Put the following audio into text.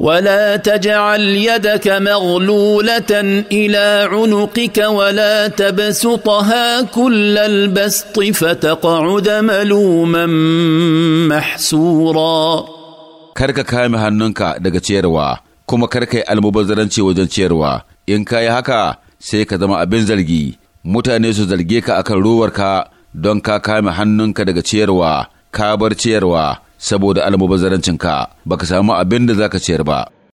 Wala ta ولا تجعل يدك مغلوله الى عنقك ولا تبسطها كل البسط فتقعد ملوما Kar ka kame hannunka daga ciyarwa kuma karka yi almubazzaranci wajen ciyarwa in ka yi haka sai ka zama abin zargi mutane su zarge ka akan ruwarka don ka kame hannunka daga ciyarwa ka bar ciyarwa saboda almubazarancinka baka samu abin da zaka ciyar ba